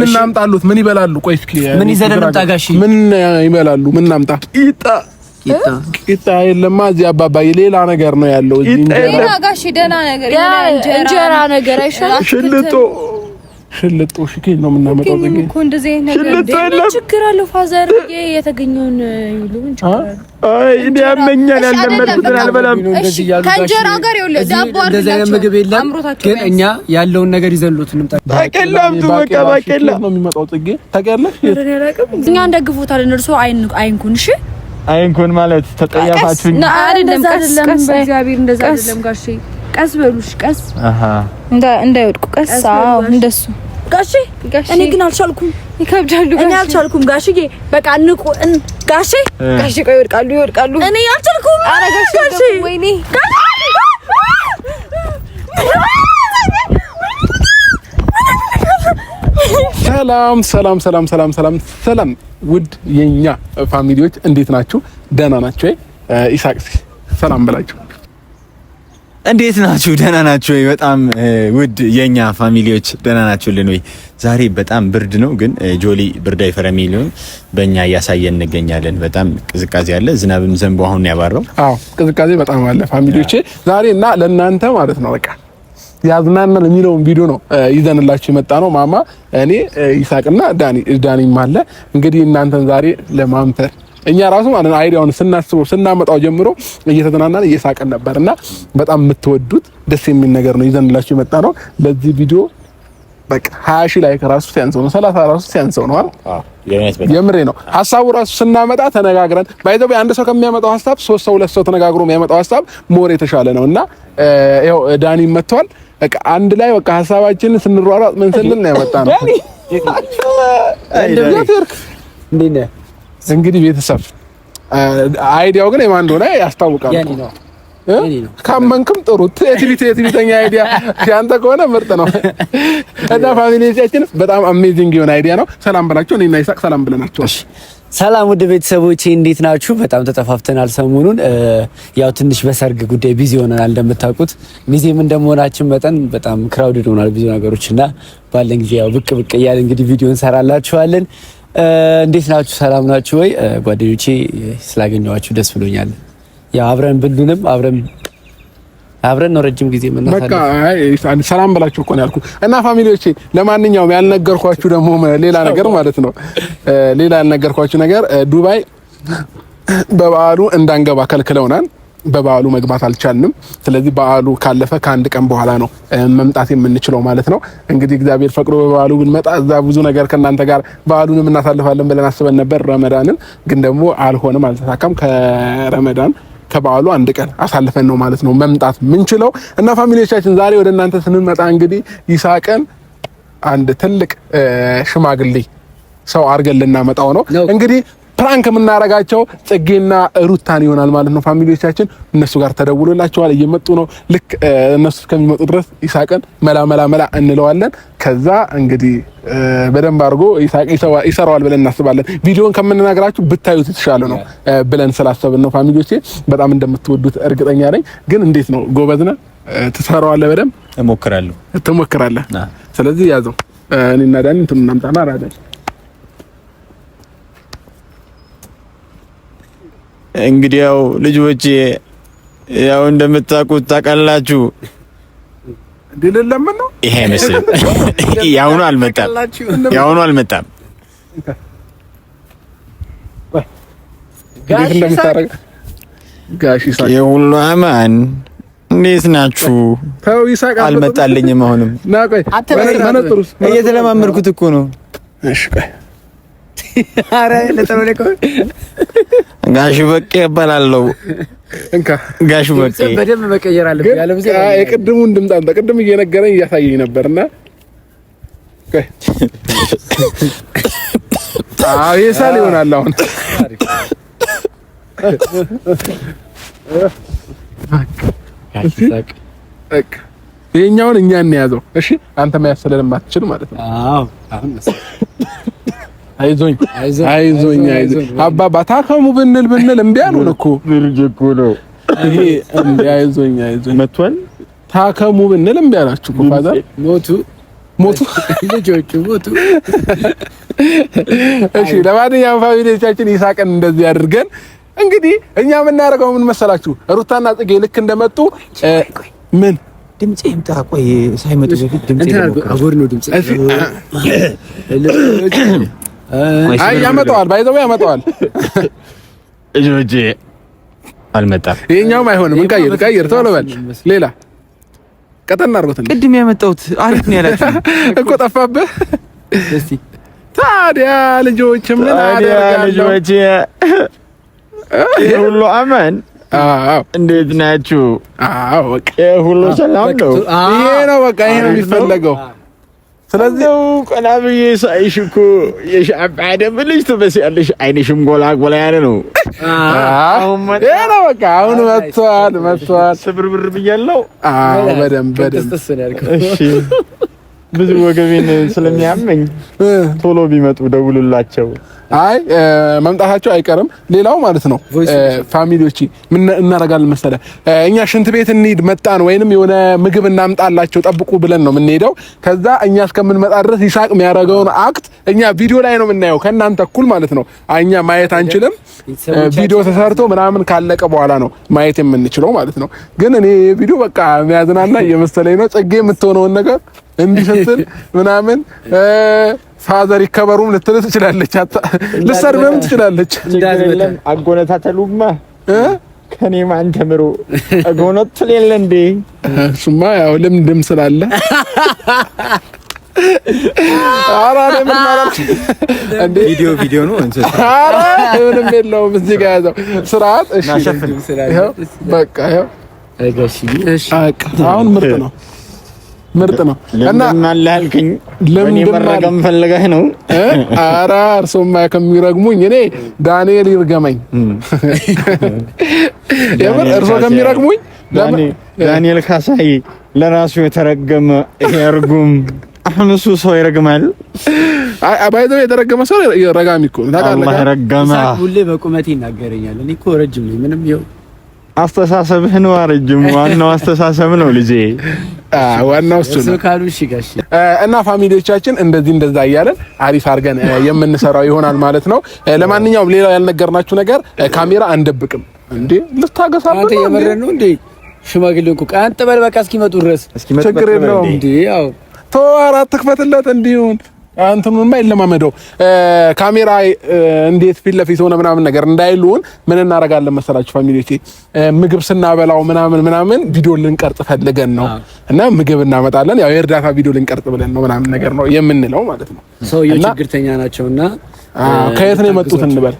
ምን እናምጣሉት? ምን ይበላሉ? ቆይ እስኪ ምን ይዘን እንምጣ? ጋሺ ምን ይበላሉ? ምን እናምጣ? ቂጣ ቂጣ ቂጣ የለማ። እዚህ አባባዬ ሌላ ነገር ነው ያለው። እዚህ ቂጣ ጋሺ፣ ደህና ነገር እንጀራ ነገር አይሻልም? ሽልጦ ሽልጦ ሽኬን ነው የምናመጣው። ዝግ እኮ እንደዚህ አይነት ነገር ችግር አለው። ፋዘር የተገኘውን ይሉ አይ እኔ ያመኛል፣ ያለመድኩትን አልበላም። ከእንጀራ ጋር ይኸውልህ ዳቦ እንደዚህ አይነት ምግብ የለም፣ ግን እኛ ያለውን ነገር ይዘሉት እንምጣ። ባቄላ አምጡ፣ በቃ ባቄላ ነው የሚመጣው። ጽጌ ታውቂያለሽ፣ እኛ እንደግፎታለን። እርሶ አይንኩን፣ እሺ አይንኩን ማለት ተጠያፋችሁኝ። አይደለም፣ ቀስ በእግዚአብሔር እንደዛ አይደለም ጋሼ፣ ቀስ በሉሽ፣ ቀስ እንዳይወድቁ፣ ቀስ አዎ እንደሱ ጋሼ እኔ ግን አልቻልኩም፣ ይከብዳሉ። እኔ አልቻልኩም ጋሽዬ፣ በቃ ንቁ ጋሼ። ጋሼ ቆይ ይወድቃሉ፣ ይወድቃሉ። እኔ አልቻልኩም። ጋሼ ወይኔ ሰላም ሰላም ሰላም ሰላም ሰላም ሰላም። ውድ የኛ ፋሚሊዎች እንዴት ናችሁ? ደህና ናችሁ? ይሳቅ ሰላም ብላችሁ እንዴት ናችሁ? ደህና ናችሁ ወይ? በጣም ውድ የኛ ፋሚሊዎች ደህና ናችሁልን ወይ? ዛሬ በጣም ብርድ ነው፣ ግን ጆሊ ብርድ አይፈረም ይሉን በእኛ እያሳየን እንገኛለን። በጣም ቅዝቃዜ አለ፣ ዝናብም ዘንቦ አሁን ያባረው። አዎ ቅዝቃዜ በጣም አለ ፋሚሊዎቼ። ዛሬ እና ለእናንተ ማለት ነው በቃ ያዝናናል የሚለውን ቪዲዮ ነው ይዘንላችሁ የመጣ ነው። ማማ፣ እኔ፣ ይሳቅና ዳኒ ዳኒም አለ እንግዲህ እናንተን ዛሬ ለማምተር እኛ ራሱ ማለት አይዲያውን ስናስበው ስናመጣው ጀምሮ እየተዝናናን እየሳቀን ነበር እና በጣም የምትወዱት ደስ የሚል ነገር ነው ይዘንላችሁ የመጣ ነው። ለዚህ ቪዲዮ በቃ 20 ሺህ ላይክ ራሱ ሲያንሰው ነው፣ 30 ራሱ ሲያንሰው ነው። የምሬ ነው። ሀሳቡ ራሱ ስናመጣ ተነጋግረን ባይ ባይዘው አንድ ሰው ከሚያመጣው ሀሳብ ሶስት ሰው ሁለት ሰው ተነጋግሮ የሚያመጣው ሀሳብ ሞር የተሻለ ነው እና ያው ዳኒ መጥቷል። በቃ አንድ ላይ በቃ ሀሳባችንን ስንሯሯጥ ምን ስንል ነው ያመጣ ነው እንግዲህ ቤተሰብ አይዲያው ግን የማን እንደሆነ ያስታውቃል። ካመንክም ጥሩ ትዕቢት የትዕቢተኛ አይዲያ ያንተ ከሆነ ምርጥ ነው እና ፋሚሊዎቻችን በጣም አሜዚንግ የሆነ አይዲያ ነው። ሰላም ብላችሁ እኔና ይሳቅ ሰላም ብለናችሁ። ሰላም ውድ ቤተሰቦቼ እንዴት ናችሁ? በጣም ተጠፋፍተናል። ሰሞኑን ያው ትንሽ በሰርግ ጉዳይ ቢዚ ሆነናል። እንደምታውቁት ሚዜም እንደመሆናችን መጠን በጣም ክራውድድ ሆናል ብዙ ነገሮች እና ባለን ጊዜ ያው ብቅ ብቅ እያለ እንግዲህ ቪዲዮ እንሰራላችኋለን። እንዴት ናችሁ? ሰላም ናችሁ ወይ ጓደኞቼ? ስላገኘኋችሁ ደስ ብሎኛል። ያው አብረን ብሉንም አብረን አብረን ነው ረጅም ጊዜ የምናሳልፍ። በቃ ሰላም ብላችሁ እኮ ነው ያልኩት። እና ፋሚሊዎቼ ለማንኛውም ያልነገርኳችሁ ደግሞ ሌላ ነገር ማለት ነው፣ ሌላ ያልነገርኳችሁ ነገር ዱባይ በበዓሉ እንዳንገባ ከልክለውናል። በበዓሉ መግባት አልቻልንም። ስለዚህ በዓሉ ካለፈ ከአንድ ቀን በኋላ ነው መምጣት የምንችለው ማለት ነው። እንግዲህ እግዚአብሔር ፈቅዶ በበዓሉ ብንመጣ እዛ ብዙ ነገር ከእናንተ ጋር በዓሉንም እናሳልፋለን ብለን አስበን ነበር። ረመዳንን ግን ደግሞ አልሆነም፣ አልተሳካም። ከረመዳን ከበዓሉ አንድ ቀን አሳልፈን ነው ማለት ነው መምጣት ምንችለው እና ፋሚሊዎቻችን ዛሬ ወደ እናንተ ስንመጣ እንግዲህ ይሳቀን አንድ ትልቅ ሽማግሌ ሰው አድርገን ልናመጣው ነው እንግዲህ ፕራንክ የምናረጋቸው ጽጌና ሩታን ይሆናል ማለት ነው። ፋሚሊዎቻችን እነሱ ጋር ተደውሎላቸዋል፣ እየመጡ ነው። ልክ እነሱ እስከሚመጡ ድረስ ይሳቅን መላ መላ መላ እንለዋለን። ከዛ እንግዲህ በደንብ አድርጎ ይሰራዋል ብለን እናስባለን። ቪዲዮን ከምንነግራችሁ ብታዩት የተሻለ ነው ብለን ስላሰብን ነው። ፋሚሊዎቼ በጣም እንደምትወዱት እርግጠኛ ነኝ። ግን እንዴት ነው ጎበዝነ ትሰራዋለህ? በደንብ እሞክራለሁ። ትሞክራለህ። ስለዚህ ያዘው እኔና ዳኒ እንትን እናምጣና እንግዲህ እንግዲያው ልጆቼ ያው እንደምታውቁት ታውቃላችሁ። ድል ለምን ነው ይሄ ምስል ያሁኑ አልመጣም፣ ያሁኑ አልመጣም። የሁሉ አማን እንዴት ናችሁ? ተው ይሳቅ፣ አልመጣልኝም። አሁንም እየተለማመድኩት እኮ ነው። እሺ ጋሽ በቄ እባላለሁ። ጋሽ በቄ በደንብ መቀየር የቅድሙን ድምፅ ቅድም እየነገረኝ እያሳየኝ ነበርና የሳል ይሆናል አሁን ይሄኛውን እኛ እንያዘው። እሺ አንተ መያዝ ማለት ነው። አዎ አሁን አይዞኝ አይዞኝ አይዞኝ አባባ ታከሙ ብንል ብንል እምቢ አሉን እኮ ብርጅ እኮ ነው ይሄ እምቢ አይዞኝ አይዞኝ መቷል ታከሙ ብንል እምቢ አላችሁ እኮ ፋዘር ሞቱ ሞቱ ልጆቹ ሞቱ እሺ ለማንኛውም ፋሚሊዎቻችን ይሳቅን እንደዚህ አድርገን እንግዲህ እኛ የምናደርገው ምን መሰላችሁ ሩታና ጽጌ ልክ እንደመጡ ምን ድምጽ ይምጣ። ቆይ ሳይመጡ በፊት ድምጽ አይ ያመጣዋል፣ ባይዘው ያመጣዋል። እጆጂ አልመጣም። ይሄኛውም አይሆንም። እንቀይር፣ እንቀይር፣ ቶሎ በል። ሌላ ቀጠን አድርጎት እንዴ። ቅድም ያመጣሁት አሪፍ ነው ያላችሁ እኮ ጠፋብህ። እስቲ ታዲያ ልጆች ምን አደርጋለሁ? ልጆች ሁሉ አመን እንዴት ናችሁ? አዎ፣ በቃ ሁሉ ሰላም ነው። ይሄ ነው በቃ፣ ይሄ ነው የሚፈለገው። ስለዚህ ቀና ብዬ ሳይሽ እኮ የሻምፓ ደም ልጅ ትመስያለሽ። አይንሽም ጎላ ጎላ ያለ ነው። በቃ። አሁን መጥቷል መጥቷል። ስብርብር ብያለሁ። አዎ በደንብ በደንብ። እሺ ብዙ ወገቤን ስለሚያመኝ ቶሎ ቢመጡ ደውሉላቸው። አይ መምጣታቸው አይቀርም። ሌላው ማለት ነው ፋሚሊዎቼ ምን እናደርጋለን መሰለ እኛ ሽንት ቤት እንሂድ መጣን ወይንም የሆነ ምግብ እናምጣላቸው ጠብቁ ብለን ነው የምንሄደው። ከዛ እኛ እስከምንመጣ ድረስ ይሳቅ የሚያደርገውን አክት እኛ ቪዲዮ ላይ ነው የምናየው፣ ከእናንተ እኩል ማለት ነው። እኛ ማየት አንችልም። ቪዲዮ ተሰርቶ ምናምን ካለቀ በኋላ ነው ማየት የምንችለው ማለት ነው። ግን እኔ ቪዲዮ በቃ የሚያዝናና እየመሰለኝ ነው። ጽጌ የምትሆነውን ነገር እንዲህ ስትል ምናምን ፋዘር ይከበሩም ልትል ትችላለች፣ ልሰርብም ትችላለች። አጎነታተሉማ ከኔ ማን ተምሮ አጎነትል የለ እንዴ? እሱማ ያው ልምድም ስላለ ኧረ ምን ማለት እንዴ? ቪዲዮ ቪዲዮ ነው እንጂ ኧረ ምንም የለውም። እዚህ ጋር ያዘው ስርዓት። እሺ በቃ ያው አሁን ምርጥ ነው። ምርጥ ነው እና ማላልከኝ ለምንድን ፈልገህ ነው? ኧረ እርሶማ ከሚረግሙኝ እኔ ዳንኤል ይርገመኝ። የምር እርሶ ከሚረግሙኝ ዳንኤል ካሳይ ለራሱ የተረገመ ይርጉም። አሁን ሰው ይረግማል። አይ አባይ ዘው የተረገመ ሰው ረጋሚ እኮ ታውቃለህ። ሁሌ በቁመት ይናገረኛል። እኔ እኮ ረጅም ነኝ ምንም ይኸው አስተሳሰብህ ነው አረጅም። ዋናው አስተሳሰብ ነው ልጄ፣ ዋናው እሱ ነው ካሉ እሺ። ጋሽ እና ፋሚሊዎቻችን እንደዚህ እንደዛ እያለን አሪፍ አድርገን የምንሰራው ይሆናል ማለት ነው። ለማንኛውም ሌላው ያልነገርናችሁ ነገር ካሜራ አንደብቅም እንዴ፣ ልታገሳበት ነው እንዴ? ሽማግሌ እኮ ቀን ጥበል በቃ እስኪመጡ ድረስ ችግር የለውም እንዴ። ያው ተው፣ ኧረ አትክፈትለት እንዲሁን እንትኑን የማይለማመደው ካሜራ እንዴት ፊት ለፊት ሆነ ምናምን ነገር እንዳይሉን ምን እናደርጋለን መሰላችሁ ፋሚሊቲ ምግብ ስናበላው ምናምን ምናምን ቪዲዮ ልንቀርጽ ፈልገን ነው እና ምግብ እናመጣለን። ያው የእርዳታ ቪዲዮ ልንቀርጽ ብለን ነው ምናምን ነገር ነው የምንለው ማለት ነው። ሰውየው ችግርተኛ ናቸውና ከየት ነው የመጡት እንበል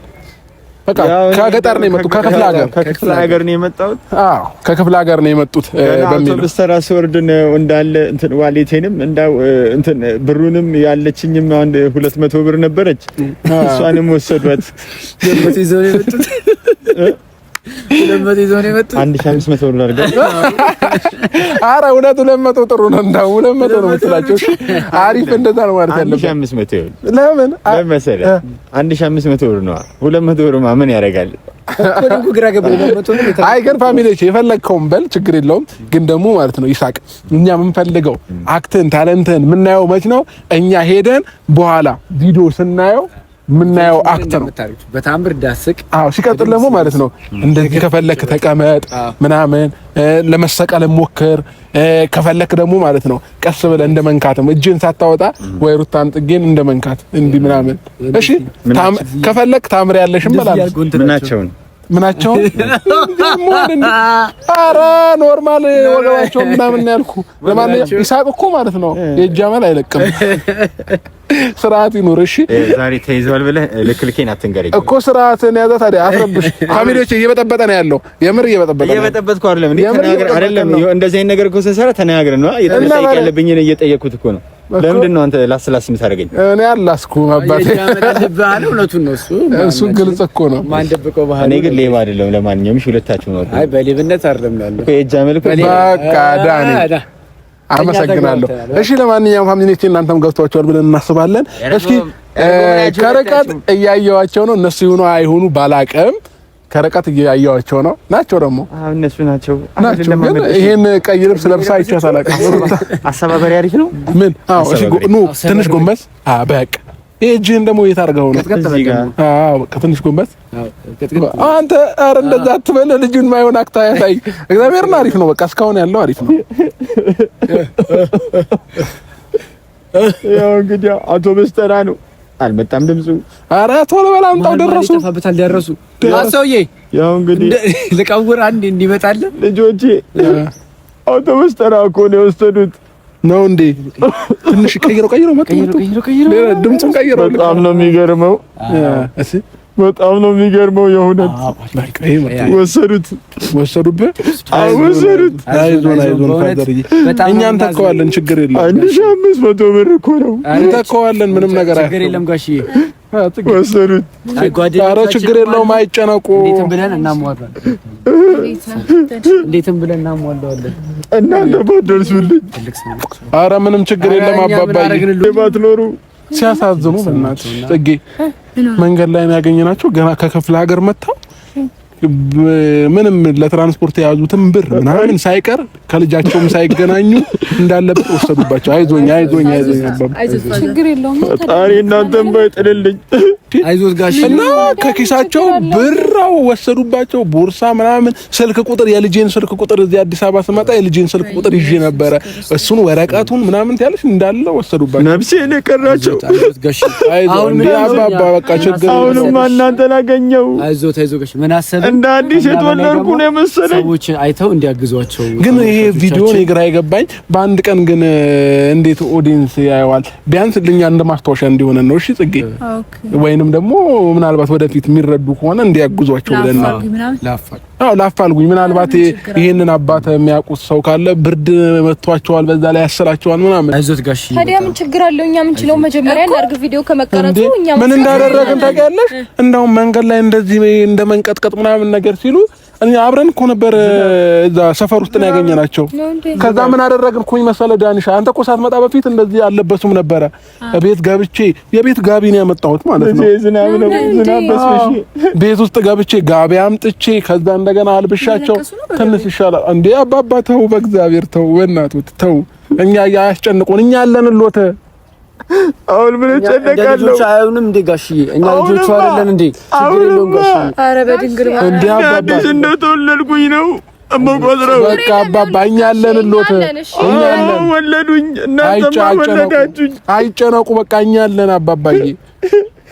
በቃ ከገጠር ነው የመጡት፣ ከክፍለ ሀገር ከክፍለ ሀገር ነው የመጣሁት። አዎ ከክፍለ ሀገር ነው የመጡት በሚል ብስተራ ስወርድ ነው እንዳለ እንትን ዋሌቴንም እንዳው እንትን ብሩንም ያለችኝም አንድ ሁለት ብር ነበረች፣ እሷንም ወሰዷት። ለመቶ ይዘው ነው የመጡት። አንድ ሺህ አምስት መቶ ብር ኧረ እውነት ሁለት መቶ ጥሩ ነው። እንዳው ሁለት መቶ ነው የምትላቸው። አሪፍ እንደዛ ነው ማለት ያለው። አንድ ሺህ አምስት መቶ ለምን መሰለህ? አንድ ሺህ አምስት መቶ ብር ነው። ሁለት መቶ ብር ምን ያደርጋል? አይ ግን ፋሚሊዎች የፈለግከውን በል ችግር የለውም። ግን ደግሞ ማለት ነው ይሳቅ፣ እኛ የምንፈልገው አክትን ታለንትን የምናየው መች ነው? እኛ ሄደን በኋላ ቪዲዮ ስናየው የምናየው አክት ነው። በታምር ዳስቅ። አዎ ሲቀጥል ደግሞ ማለት ነው እንደዚህ ከፈለክ ተቀመጥ ምናምን ለመሰቀል ሞክር፣ ከፈለክ ደግሞ ማለት ነው ቀስ ብለህ እንደ መንካትም እጅን ሳታወጣ ወይ ሩታን ጥጌን እንደ መንካት እንዲህ ምናምን። እሺ ከፈለክ ታምር ያለሽም ማለት ነው ምናቸውን ምናቸው አረ ኖርማል ወገባቸው ምናምን ያልኩ። ለማንኛውም ይሳቅ እኮ ማለት ነው የእጅ አይለቅም። ስርዓት ይኑር። እሺ ዛሬ ተይዟል ብለህ ልክልኬን ልኬን አትንገረኝ እኮ ስርዓትን ያዛ። ታዲያ አትረብሽ። ፋሚሊዎች እየበጠበጠ ነው ያለው። የምር እየበጠበጠ ነው። እየበጠበጥኩ አይደለም፣ እንደዚህ አይነት ነገር እኮ ስንሰራ ተነጋግረን ነው። እየጠየቁት እኮ ነው ለምንድን ነው አንተ ላስ ላስ የምታደርገኝ? እኔ አላስኩ አባቴ። እውነቱን ነው እሱን ግልጽ እኮ ነው። ባህል እኔ ግን ሌባ አይደለም። ለማንኛውም እሺ፣ ሁለታችሁ ነው። አይ በሌብነት አይደለም እኮ የእጅ አመልክ። በቃ ዳኒ አመሰግናለሁ። እሺ፣ ለማንኛውም ፋሚሊቲ እናንተም ገብቷቸዋል ብለን እናስባለን። እስኪ ከርቀት እያየዋቸው ነው እነሱ ይሁኑ አይሁኑ ባላቀም ከርቀት እያየኋቸው ነው። ናቸው ደግሞ እነሱ ናቸው ናቸው። ግን ይሄን ቀይ ልብስ ለብሳ አይቻት አላውቅም። አሰባበሪ አሪፍ ነው። ምን? አዎ፣ እሺ፣ ኑ ትንሽ ጎንበስ። አዎ፣ በቃ እጅህን ደግሞ የታርገው ነው። ከትንሽ በቃ ጎንበስ። አንተ ኧረ እንደዛ አትበል። ልጁን ማይሆን አክታ ያሳይ። እግዚአብሔርን አሪፍ ነው። በቃ እስካሁን ያለው አሪፍ ነው። ያው እንግዲህ አውቶቡስ ተራ ነው አልመጣም ድምፁ። አረ ቶሎ በል አምጣው። ደረሱ ይጠፋበታል። ደረሱ ሰውዬ፣ ያው እንግዲህ ልቀውር አንድ እንዲመጣለ ልጆቼ፣ አውቶቡስ ተራ እኮ ነው የወሰዱት ነው እንዴ? ትንሽ ቀይሮ ቀይሮ መጥቶ ድምፁን ቀይሮ በጣም ነው የሚገርመው። በጣም ነው የሚገርመው። የእውነት ወሰዱት ወሰዱበት፣ ወሰዱት። አይዞን አይዞን ፋዘርዬ፣ እኛም ተከዋለን፣ ችግር የለም። አንድ ሺህ አምስት መቶ ብር እኮ ነው እንተከዋለን፣ ምንም ነገር ችግር የለም አያስፈልግም። ወሰዱት። ኧረ ችግር የለውም፣ አይጨነቁ። እንዴትም ብለን እናሟላለን፣ እንዴትም ብለን እናሟላዋለን። እናንተ ባትደርሱልኝ። ኧረ ምንም ችግር የለም አባባዬ፣ ባትኖሩ ሲያሳዝኑ፣ በእናትህ ጽጌ መንገድ ላይ ያገኘናቸው ገና ከክፍለ ሀገር መጥተው ምንም ለትራንስፖርት የያዙትም ብር ምናምን ሳይቀር ከልጃቸውም ሳይገናኙ እንዳለበት ወሰዱባቸው። አይዞኝ አይዞኝ አይዞኝ ፈጣሪ እናንተን ባይጥልልኝ አይዞት ጋሽ እና ከኪሳቸው ብራው ወሰዱባቸው። ቦርሳ ምናምን፣ ስልክ ቁጥር የልጄን ስልክ ቁጥር እዚህ አዲስ አበባ ስመጣ የልጄን ስልክ ቁጥር ይዤ ነበረ እሱን ወረቀቱን ምናምን ያለሽ እንዳለ ወሰዱባቸው። ነፍሴን የቀራቸው አሁን አባባ በቃ ችግር አሁንማ እናንተን አገኘው። አይዞት አይዞ ጋሽ ምን አሰብን እንደ አዲስ የተወለድኩ ነው የመሰለኝ። ሰዎችን አይተው እንዲያግዟቸው ግን ይሄ ቪዲዮ እኔ ግራ የገባኝ በአንድ ቀን ግን እንዴት ኦዲየንስ ያየዋል? ቢያንስ ልኛ እንደ ማስታወሻ እንዲሆነ ነው። እሺ ጽጌ፣ ወይንም ደግሞ ምናልባት ወደፊት የሚረዱ ከሆነ እንዲያግዟቸው ብለን ነው። አዎ ላፋልጉኝ። ምናልባት ይሄንን አባት የሚያውቁት ሰው ካለ ብርድ መቷቸዋል፣ በዛ ላይ ያሰራቸዋል ምናምን። አይዞት ጋሽ፣ ታዲያ ምን ችግር አለው? እኛ ምንችለው መጀመሪያ እናድርግ። ቪዲዮ ከመቀረጹ እኛ ምን እንዳደረግን ታውቂያለሽ? እንደውም መንገድ ላይ እንደዚህ እንደ መንቀጥቀጥ ምናምን ምናምን ነገር ሲሉ እኔ አብረን እኮ ነበር እዛ ሰፈር ውስጥ ነው ያገኘናቸው። ከዛ ምን አደረግን ኩኝ መሰለ ዳንሻ፣ አንተ እኮ ሳትመጣ በፊት እንደዚህ አለበሱም ነበረ። ቤት ገብቼ የቤት ጋቢ ነው ያመጣሁት ማለት ነው። ቤት ውስጥ ገብቼ ጋቢ አምጥቼ ከዛ እንደገና አልብሻቸው ትንሽ ይሻላል እንዴ አባባ፣ ተው በእግዚአብሔር ተው፣ በእናትህ ተው። እኛ ያስጨንቁን እኛ ያለንሎት አሁን ምን እጨነቃለሁ? ልጆቹ አይሆንም እንዴ ጋሽዬ? እኛ ልጆቹ አይደለን እንዴ? ችግር የለውም ጋሽዬ። ኧረ በድንግል እንዴ አባባ እንደተወለድኩኝ ነው እመቆጥረው። በቃ አባባ እኛ አለን እሎት፣ እኛ አለን ወለዱኝ፣ እናንተማ ወለዳችሁኝ። አይጨነቁ በቃ እኛ አለን አባባዬ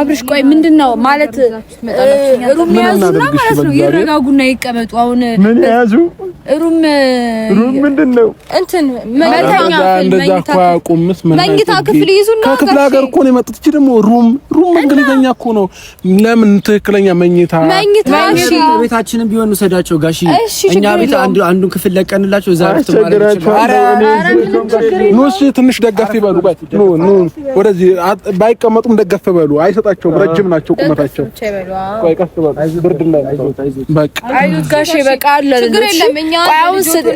አብርሽ ቆይ ምንድን ነው ማለት ሩም ያዙና ማለት ነው ይረጋጉና ይቀመጡ። አሁን ምን ያዙ ሩም ሩም ምንድን ነው እንትን መተኛ መኝታ ክፍል ይዙና ከክፍለ ሀገር እኮ ነው የመጡት። እቺ ደግሞ ሩም ሩም እንግሊዘኛ እኮ ነው። ለምን ትክክለኛ መኝታ መኝታ እሺ፣ ቤታችንን ቢሆን ውሰዳቸው ጋሺ። እኛ ቤት አንዱ አንዱን ክፍል ለቀንላቸው እዛ አረፍት ማለት ነው። አረ ኑ፣ እሺ፣ ትንሽ ደጋፍ ይበሉ። ኑ ኑ፣ ወደዚህ ባይቀመጡም ደጋፍ ይበሉ። አይ አትበጣቸው፣ ረጅም ናቸው ቁመታቸው። ቆይ ቀስ በል ብርድ ላይ ነው። በቃ አይዞት ጋሼ፣ በቃ አለ ችግር የለም። እኛ ስልክ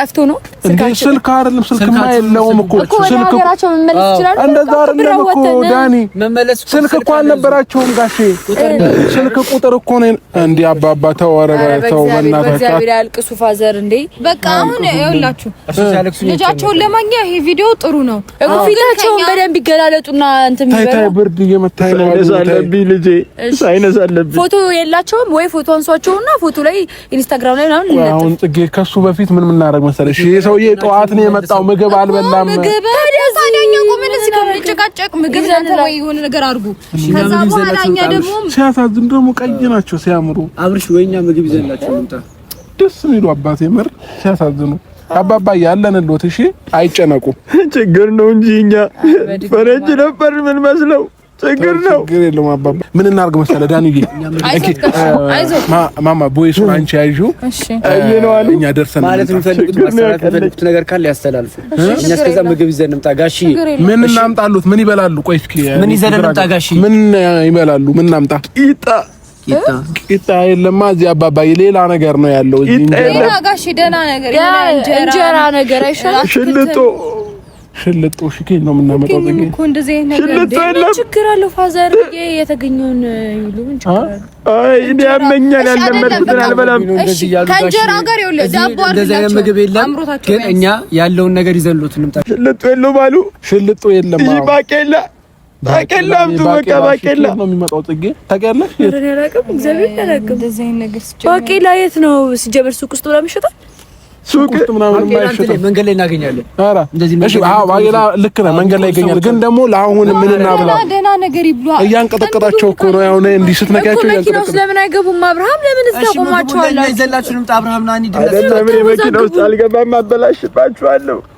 ጠፍቶ ነው። ስልክ አይደለም ስልክማ የለውም እኮ ስልክ ይችላል። እንደዛ አይደለም እኮ ዳኒ፣ ስልክ እኮ አልነበራቸውም ጋሼ። ስልክ ቁጥር እኮ ነው እንዴ። አባባ ተው፣ ኧረ ተው በእናታችሁ አልቅሱ። ፋዘር እንዴ፣ በቃ አሁን ይኸውላችሁ ልጃቸውን ለማግኘት ይሄ ቪዲዮ ጥሩ ነው። ፊታቸውን በደንብ ይገላለጡና እንትን ብርድ እየመታኝ ነው። ሳይነስ አለብኝ ልጄ፣ ሳይነስ አለብኝ። ፎቶ የላቸውም ወይ ፎቶ አንሷቸውና ፎቶ ላይ ኢንስታግራም ላይ ምናምን ልንለጥፍ። አሁን ጽጌ፣ ከሱ በፊት ምን ምናደርግ መሰለሽ? ይሄ ሰውዬ ጠዋት ነው የመጣው፣ ምግብ አልበላም። ምግብ ታዲያኛ ምግብ ወይ የሆነ ነገር አድርጉ። ከዛ በኋላ እኛ ደግሞ ሲያሳዝን ደግሞ ቀይ ናቸው ሲያምሩ። አብርሽ፣ ወይኛ ምግብ ይዘላቸው ደስ የሚሉ አባቴ ምር ሲያሳዝኑ አባባ ያለን ሎት እሺ፣ አይጨነቁ። ችግር ነው እንጂ እኛ ፈረጅ ነበር ምን መስለው ችግር ነው። ችግር የለውም አባባ። ምን እናርግ መሰለ ዳንዬ፣ እንኪ ማማ ቦይሱን አንቺ ያዡ። እኛ ደርሰን ማለት የሚፈልጉት ነገር ካለ ያስተላልፉ። እኛ እስከዛ ምግብ ይዘን እንምጣ ጋሽዬ። ምን እናምጣሉት? ምን ይበላሉ? ቆይ እስኪ ምን ይዘን እንምጣ ጋሽዬ? ምን ይበላሉ? ምን እናምጣ? ይጣ ቂጣ የለማ እዚህ አባባዬ፣ ሌላ ነገር ነው ያለው። እዚህ ጋሽ ደህና ነገር እንጀራ ነገር አይሻልም? ሽልጦ ሽልጦ ነው ሽልጦ ፋዘር የተገኘውን አይ ጋር ዳቦ ምግብ የለም፣ ግን እኛ ያለውን ነገር ይዘሉት እንምጣ። ሽልጦ የለም አሉ። ሽልጦ የለም ይባቄላ ባቄላ አምጡ። በቃ ባቄላ ነው የሚመጣው። ጽጌ ታውቂያለሽ? ባቄላ የት ነው ሲጀመር? ሱቅ ውስጥ ምናምን ይሸጣል። ሱቅ ውስጥ ምናምን የማይሸጥ መንገድ ላይ እናገኛለን። ኧረ እሺ፣ አዎ ባቄላ ልክ ነህ፣ መንገድ ላይ ይገኛል። ግን ደግሞ ለአሁን ምን እናብላ? ደህና ነገር ይብላ። እያንቀጠቀጣቸው እኮ ነው ያው፣ እንዲህ ስትነካቸው እያንቀጠቀጣ። ለምን አይገቡም? አብርሃም ለምን እዛ ቆማችኋል? አብርሃም ና እንሂድ። መኪና ውስጥ አልገባም፣ አበላሽባችኋለሁ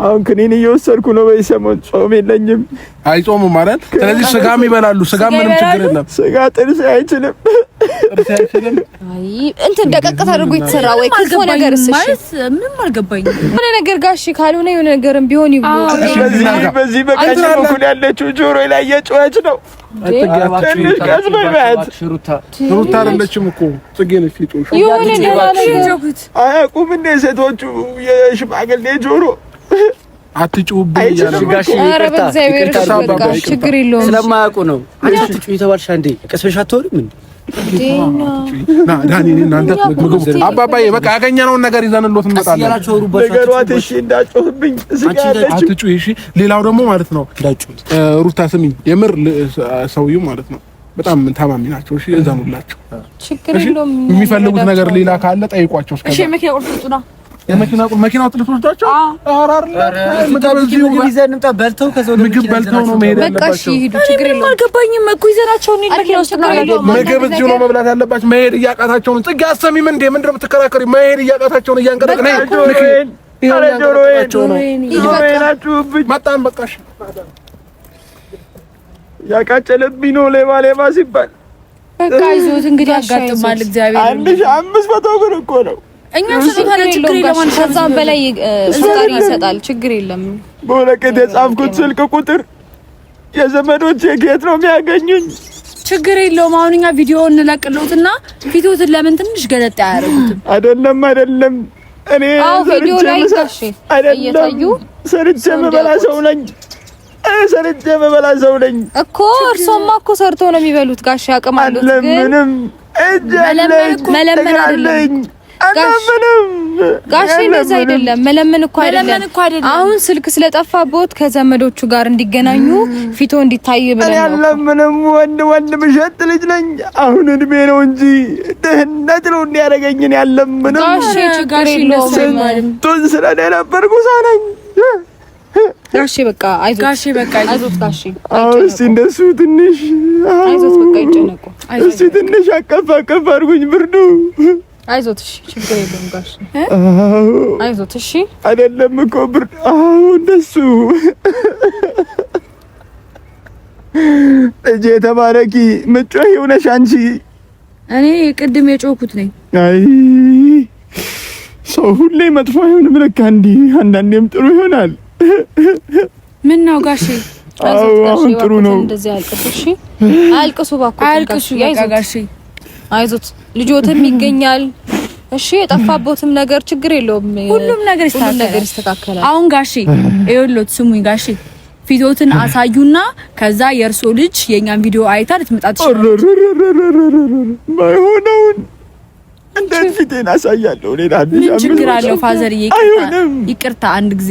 አሁን ክኒን እየወሰድኩ ነው። ሰሞን ጾም የለኝም፣ አይጾሙም ማለት ስለዚህ፣ ስጋም ይበላሉ። ስጋ ምንም ችግር የለም። ስጋ ጥርስ አይችልም፣ ጥርስ አይችልም። አይ እንትን ደቀቅ አድርጎ የተሰራ ወይ ክልፎ ነገር ማለት ምንም አልገባኝም። የሆነ ነገር ጋሽ ካልሆነ የሆነ ነገርም ቢሆን ይብሉ። በዚህ በቀኝ በኩል ያለችው ጆሮ ላይ የጮኸች ነው። ትንሽ ቀስ በል ሩታ አይደለችም እኮ ጽጌ ነች። የጮኸች የሆነ ነገር አያውቁም እንደ ሴቶቹ የሽማግሌ ጆሮ አትጩብኝ ጋሽ ነገር ይዘንሎት እንመጣለን። አትጩ ሌላው ደግሞ ማለት ነው ሩታ ስሚኝ፣ የምር ሰውዬው ማለት ነው በጣም ታማሚ ናቸው። እሺ፣ እዛኑላቸው። የሚፈልጉት ነገር ሌላ ካለ ጠይቋቸው። እሺ፣ መኪና ቁልፍ ስጡና የመኪና ቁር መኪና ጥልፍ ወስዳቸው በልተው ምግብ በልተው ነው መሄድ ያለባቸው። አልገባኝም እኮ ይዘናቸው ምግብ እዚሁ ነው መብላት ያለባቸው። መሄድ እያቃታቸው ነው። ጽጌ አሰሚም እንዴ ምንድን ነው የምትከራከሪው? መሄድ እያቃታቸው ነው። እያንቀጠቀጣቸው ነው። መጣን በቃሽ። ያቃጨለብኝ ነው ሌባ ሌባ ሲባል በቃ ይዞት እንግዲህ ያጋጥማል። እግዚአብሔር አንድ ሺህ አምስት መቶ ብር እኮ ነው እኛ ስጦታ ችግር የለም። ከዛ በላይ ፈጣሪ ይሰጣል። ችግር የለም። በወረቀት የጻፍኩት ስልክ ቁጥር የዘመዶች የጌት ነው የሚያገኙኝ። ችግር የለውም። አሁን እኛ ቪዲዮ እንለቅልዎትና ፊቶትን ለምን ትንሽ ገለጥ አያደርጉትም? አይደለም አይደለም፣ እኔ ቪዲዮ ላይ ታሽ እየታዩ ሰርቼ የምበላ ሰው ነኝ። ሰርቼ የምበላ ሰው ነኝ እኮ። እርሶማ እኮ ሰርቶ ነው የሚበሉት ጋሽ። አቅም አለዎት ግን መለመን እኮ መለመን አይደለም ጋሼ እንደዛ አይደለም። መለመን እኮ አይደለም። አሁን ስልክ ስለጠፋበት ከዘመዶቹ ጋር እንዲገናኙ ፊቶ እንዲታይ ብለን ነው። ምንም ወንድ ወንድ ምሸት ልጅ ነኝ። አሁን እድሜ ነው እንጂ ድህነት ነው እንዲያደርገኝን ያለም ምንም ጋሼ፣ ችግር የለውም። ቱን ስለኔ ነበርኩ ሳነኝ ጋሼ፣ በቃ አይዞት ጋሼ፣ በቃ አይዞት ጋሼ። አሁን እስቲ እንደሱ ትንሽ አይዞት፣ በቃ ይጨነቁ። እስቲ ትንሽ አቀፍ አቀፍ አድርጉኝ ብርዱ አይዞት እሺ፣ ችግር የለም ጋሽ አይዞት እሺ። አይደለም እኮ ብር አዎ፣ እንደሱ ልጄ ተባረኪ። ምጮህ የሆነሽ አንቺ እኔ ቅድም የጮኩት ነኝ። አይ ሰው ሁሌ መጥፎ አይሆንም። ልክ አንዲ አንዳንዴም ጥሩ ይሆናል። ምን ነው ጋሽ? አሁን ጥሩ ነው። እንደዚህ አልቅሱ፣ እሺ፣ አልቅሱ፣ እባክዎ አልቅሱ። አይዞት ልጆትም ይገኛል። እሺ የጠፋቦትም ነገር ችግር የለውም። ሁሉም ነገር ይስተካከላል። አሁን ጋሺ ይኸውልዎት፣ ስሙኝ ጋሺ ፊቶትን አሳዩና ከዛ የእርሶ ልጅ የእኛን ቪዲዮ አይታ ልትመጣ ትችላለች። ማይሆነውን እንዴት ፊቴን አሳያለሁ? እኔ ምን ችግር አለው ፋዘር ይቅርታ አንድ ጊዜ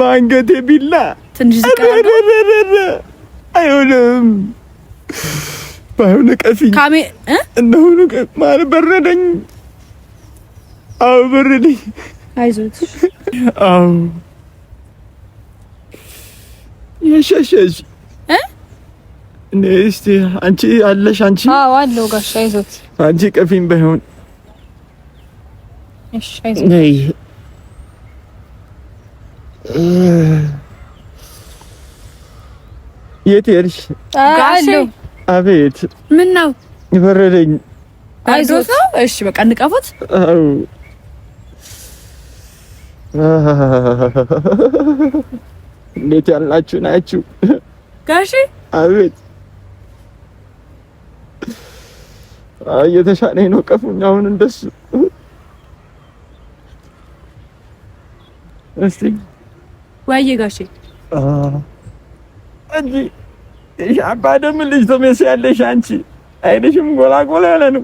በአንገቴ ቢላ ትንሽ አይሆንም ባይሆነ ቀፊ ካሜ እንደሆነ ማን በረደኝ። አዎ በረደኝ። አይዞት። አዎ ያሻሻሽ እ እስቲ አንቺ አለሽ አንቺ። አዎ አለው ጋሽ አይዞት። አንቺ ቀፊም ባይሆን እሺ አይዞት። ነይ የት ሄድሽ? አለው አቤት። ምን ነው ይበረደኝ። አይዞት ነው። እሺ በቃ እንቀፉት። አው እንዴት ያላችሁ ናችሁ? ጋሺ አቤት። እየተሻለኝ ነው። ቀፉኝ አሁን እንደሱ። እስቲ ወይዬ ጋሺ እንዴ አባደም ልጅ ትመስያለሽ አንቺ። አይንሽም ጎላጎላ ያለ ነው።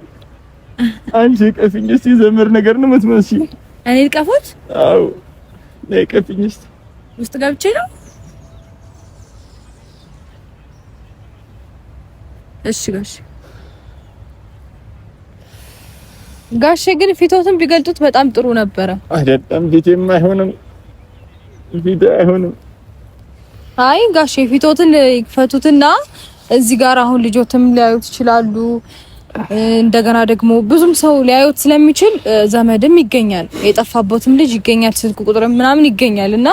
አንቺ ቀፍኝ እስቲ፣ ዘመድ ነገር ነው የምትመስይ። እኔ ልቀፎች? አዎ ነይ ቀፍኝ እስቲ። ውስጥ ገብቼ ነው? እሺ ጋሽ ጋሼ ግን ፊቶትን ቢገልጡት በጣም ጥሩ ነበረ። አይደለም ፊቴም አይሆንም ፊቴ አይሆንም አይ ጋሽ የፊቶትን ይክፈቱትና እዚህ ጋር አሁን ልጆትም ሊያዩት ይችላሉ። እንደገና ደግሞ ብዙም ሰው ሊያዩት ስለሚችል ዘመድም ይገኛል፣ የጠፋበትም ልጅ ይገኛል፣ ስልክ ቁጥርም ምናምን ይገኛል እና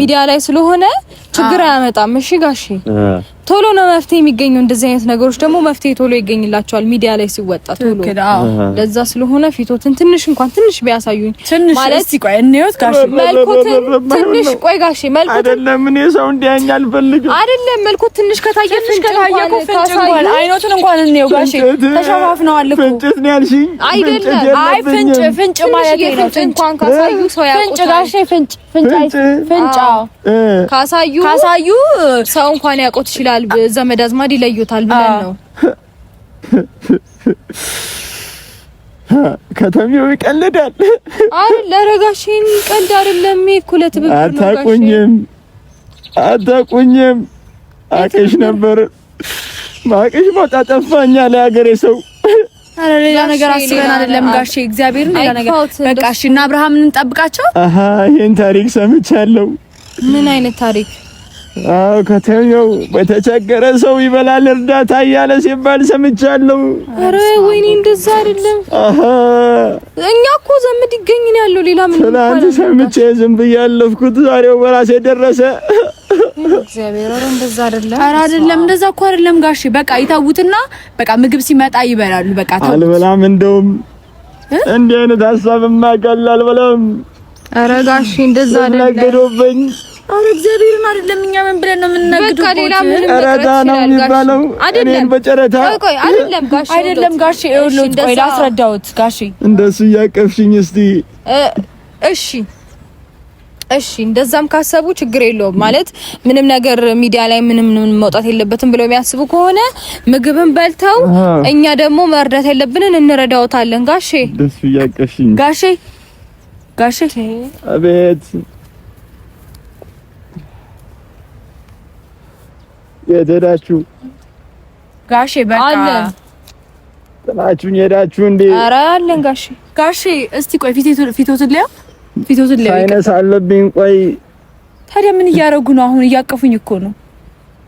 ሚዲያ ላይ ስለሆነ ችግር አያመጣም። እሺ ጋሼ ቶሎ ነው መፍትሄ የሚገኘው። እንደዚህ አይነት ነገሮች ደግሞ መፍትሄ ቶሎ ይገኝላቸዋል ሚዲያ ላይ ሲወጣ ቶሎ። ለዛ ስለሆነ ፊቶትን ትንሽ እንኳን ትንሽ ቢያሳዩኝ ማለት እስቲ ቆይ እንየውት ጋሽ መልኩትን ትንሽ ቆይ ጋሽ መልኩት አይደለም እኔ ሰው እንዲያኝ አልፈልግም። አይደለም መልኩት ትንሽ ከታየ ትንሽ ከታየ እኮ ፍንጭ እንኳን አይኖትን እንኳን እንየው ጋሽ ተሸፋፍነዋል እኮ ፍንጭት ነው ያልሽኝ። አይደለም አይ ፍንጭ ፍንጭ ማለት ነው እንኳን ካሳዩ ሰው ያውቁታል። ፍንጭ ጋሽ ፍንጭ ፍንጭ ፍንጫ ካሳዩ ካሳዩ ሰው እንኳን ያውቁት ይችላል። ይለያል፣ ዘመድ አዝማድ ይለዩታል ብለን ነው። ከተሜው ይቀልዳል። አይ ለረጋሽን ቀልድ አይደለም። ኩለት ነው። አታቁኝም፣ አታቁኝም። አቅሽ ነበር ማቅሽ ቦታ ጠፋኛ ለሀገሬ ሰው ሌላ ነገር አስበን አይደለም ጋሼ፣ እግዚአብሔር ሌላ ነገር በቃ እሺ። እና አብርሃምን እንጠብቃቸው። አሃ ይሄን ታሪክ ሰምቻለሁ። ምን አይነት ታሪክ? ከተሜው በተቸገረ ሰው ይበላል እርዳታ እያለ ሲባል ሰምቻለሁ። አረ ወይኔ እንደዛ አይደለም። እኛ እኮ ዘመድ ይገኝ ነው ያለው። ሌላ ምን ይባላል? ትናንት ሰምቼ ዝም ብዬ ያለፍኩት ዛሬው በራሴ ደረሰ። እግዚአብሔር አረ እንደዛ አይደለም። አረ እንደዛ እኮ አይደለም ጋሼ። በቃ ይታውትና በቃ ምግብ ሲመጣ ይበላሉ። በቃ አልበላም። እንደውም እንዲህ አይነት ሀሳብማ አልበላም። አረ ጋሼ እንደዛ አይደለም። አረ እግዚአብሔርን አይደለም። እኛ ምን ብለን ነው የምንነግደው? በቃ ሌላ ምንም ረዳ ነው የሚባለው አይደለም። በጨረታ ቆይ አይደለም ጋሽ አይደለም ጋሽ ይኸውልህ፣ ቆይ ላስረዳሁት ጋሽ እንደሱ እያቀፍሽኝ እስቲ እሺ እሺ እንደዛም ካሰቡ ችግር የለውም። ማለት ምንም ነገር ሚዲያ ላይ ምንም መውጣት የለበትም ብለው የሚያስቡ ከሆነ ምግብን በልተው እኛ ደግሞ መርዳት ያለብንን እንረዳውታለን። ጋሼ ደስ ያቀፍሽኝ ጋሼ ጋሼ አቤት የሄዳችሁ ጋሼ በቃ ጥላችሁኝ ሄዳችሁ እንዴ? ኧረ አለን ጋሼ ጋሼ። እስቲ ቆይ ፊቶትን ሊያ ፊቶትን ሊያ ሳይነስ አለብኝ። ቆይ ታዲያ ምን እያደረጉ ነው አሁን? እያቀፉኝ እኮ ነው።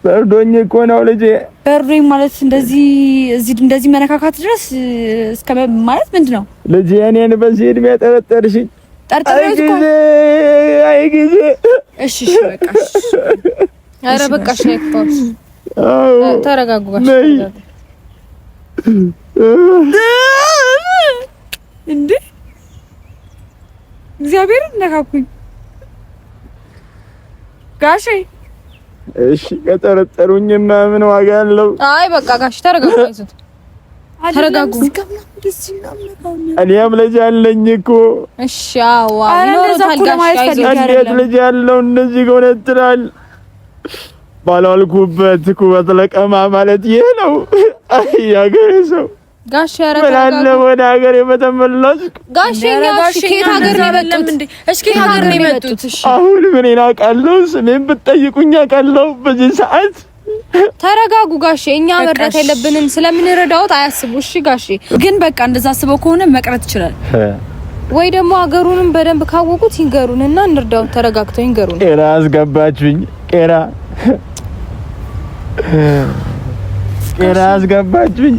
በርዶኝ እኮ ነው ልጄ። በርዶኝ ማለት እንደዚህ እዚህ እንደዚህ መነካካት ድረስ እስከ ማለት ምንድን ነው ልጄ? እኔን በዚህ እድሜ ጠረጠርሽኝ። ጠርጠርኩኝ። አይ አይ ጊዜ። እሺ እሺ በቃ ኧረ በቃሽ፣ ተረጋጉ። እንዴ እግዚአብሔርን ነካኩኝ ጋሼ። እሺ ከጠረጠሩኝ ምን ዋጋ አለው? አይ በቃ ተረጋጉ፣ እኔም ልጅ አለኝ እኮ። እሺ እንዴት ልጅ እንደዚህ ባላልኩበት ኩበት ለቀማ ማለት ይሄ ነው። አይ ያገሬ ሰው ጋሽ ያረጋጋ ወደ ሀገር በተመለስኩ ጋሽ ጋሽ ከየት ሀገር ነው የመጡት? እስኪ ሀገር ነው የመጡት? አሁን ምን አውቃለሁ? ስሜን ብትጠይቁኝ አውቃለሁ። በዚህ ሰዓት ተረጋጉ ጋሽ፣ እኛ መርዳት የለብንም ስለምንረዳዎት አያስቡ። እሺ ጋሽ ግን በቃ እንደዛ አስበው ከሆነ መቅረት ይችላል ወይ ደግሞ ሀገሩንም በደንብ ካወቁት ይንገሩንና እንርዳው። ተረጋግተው ይንገሩን። ራ አስገባችሁኝ ቄራ ቄራ አስገባችሁኝ።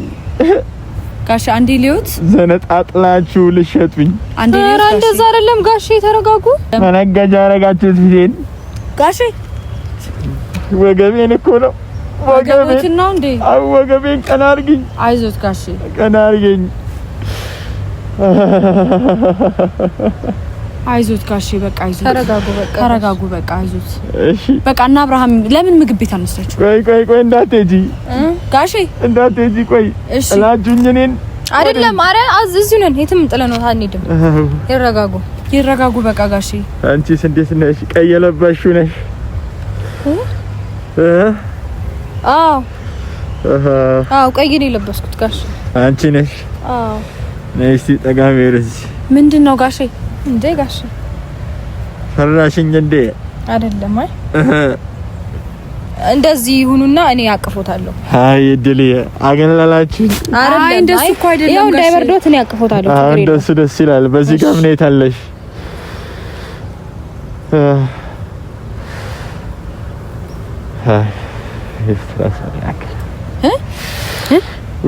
ጋሽ አንዴ ሊዮት ዘነጣጥላችሁ ልሸጡኝ። አንዴ ሊዮት ጋሽ እንደዛ አይደለም ጋሽ፣ ተረጋጉ። መነገጃ አረጋችሁት ፊቴን ጋሽ፣ ወገቤን እኮ ነው ወገቤን ነው እንዴ? አው ወገቤን ቀና አድርጊኝ። አይዞት ጋሽ፣ ቀና አድርጊኝ። አይዞት ጋሼ፣ በቃ አይዞት፣ ተረጋጉ፣ በቃ ተረጋጉ፣ በቃ አይዞት፣ በቃ እና አብርሃም ለምን ምግብ ቤት አነሳችሁ? ቆይ ቆይ ቆይ፣ እንዳትሄጂ ጋሼ፣ እንዳትሄጂ ቆይ። እሺ ላጁኝ እኔን አይደለም፣ ኧረ እዚሁ ነን፣ የትም ጥለነው አንሄድም። ይረጋጉ፣ ይረጋጉ፣ በቃ ጋሼ። አንቺስ እንዴት ነሽ? ቀይ የለበሽው ነሽ? አዎ አዎ፣ ቀይ ነው የለበስኩት ጋሼ። አንቺ ነሽ? አዎ። ነይ እስኪ ጠጋ በይ ምንድን ነው ጋሼ? እንዴ ጋሽ ፈራሽኝ እንዴ? አይደለም። አይ እንደዚህ ይሁኑና እኔ አቅፎታለሁ። አይ እድል አገንላላችሁ። አይ እንደሱ እኮ አይደለም። ያው እንዳይበርዶት እኔ አቅፎታለሁ። አይ እንደሱ ደስ ይላል። በዚህ ጋር ምን የታለሽ?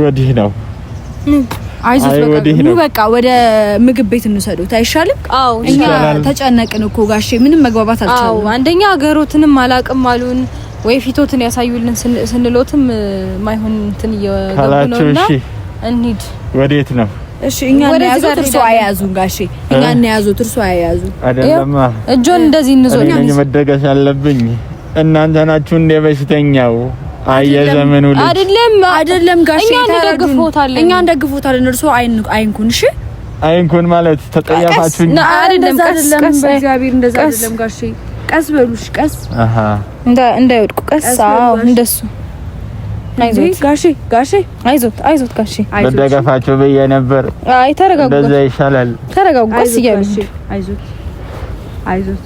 ወዲህ ነው አይዞት በቃ ወደ ምግብ ቤት አይሻልም? አዎ እኛ ተጨነቅን እኮ ጋሼ፣ ምንም መግባባት አንደኛ ሀገሮትንም አላቅም አሉን ወይ ፊቶትን ያሳዩልን ስንሎትም ማይሆን እንትን እየገቡ ነውና እንሂድ። ወዴት ነው? እሺ እኛ እናያዙት፣ ጋሼ፣ እኛ እናያዙት፣ አይደለም እጆን እንደዚህ መደገስ አለብኝ። እናንተ ናችሁ እንደ በሽተኛው አየዘመኑ አይደለም አይደለም ጋሽ እንደግፎታል፣ እኛ እንደግፎታለን። እርሶ አይንኩን። እሺ አይንኩን ማለት ተጠያፋችሁ አይደለም። ቀስ ቀስ በእግዚአብሔር እንደዛ አይደለም ጋሽ ቀስ በሉሽ፣ ቀስ አሃ፣ እንደ እንዳይወድቁ ቀስ። አዎ እንደሱ አይዞት ጋሼ፣ ጋሼ አይዞት፣ አይዞት ጋሼ። በደገፋቸው ብዬሽ ነበር። አይ ተረጋጉ፣ በዛ ይሻላል። ተረጋጉ፣ ቀስ እያሉ አይዞት፣ አይዞት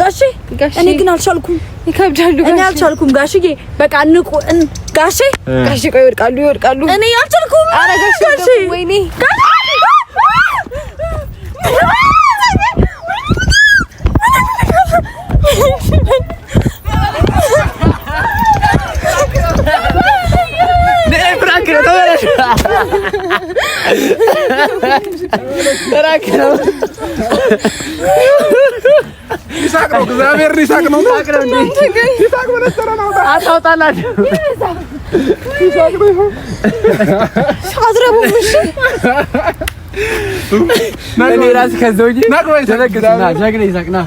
ጋሼ እኔ ግን አልቻልኩም፣ ይከብዳሉ። እኔ አልቻልኩም ጋሽዬ፣ በቃ ንቁ ጋሼ። ጋሼ ቆይ ይወድቃሉ፣ ይወድቃሉ። እኔ አልቻልኩም። ኧረ ጋሼ ወይኔ ፍራክ ነው ይሳቅ ነው። እግዚአብሔር ይሳቅ ነው። ይሳቅ መነጽር ነው። አታውጣላችሁ። ይሳቅ ነው። አዝረቡም እሺ እኔ እራሴ ከእዛው ሂጅ። ና ና ና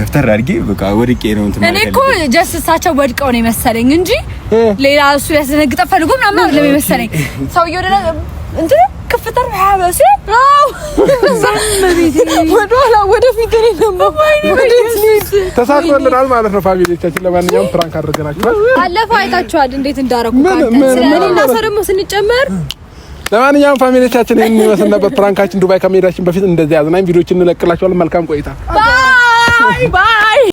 ገፍተር አድርጌ በቃ ወድቄ ነው እንትን እኔ እኮ ጀስት እሳቸው ወድቀው ነው የመሰለኝ እንጂ ሌላ እሱ ያስደነግጠ ፈልጎ ምናምን አይደለም የመሰለኝ። ሰውዬው ደና እንትን ከፍተር ያበሰ አው ወደኋላ ወደፊት ነው ደግሞ ተሳክቶልናል ማለት ነው። ፋሚሊዎቻችን ለማንኛውም ፕራንክ አድርገናችኋል። አለፈው አይታችኋል እንዴት እንዳረኩ ካንተ ደግሞ ስንጨመር ለማንኛውም ፋሚሊዎቻችን ይህን ይመስል ነበር ፕራንካችን። ዱባይ ከመሄዳችን በፊት እንደዚህ አዝናኝ ቪዲዮችን እንለቅላችኋለን። መልካም ቆይታ Bye bye.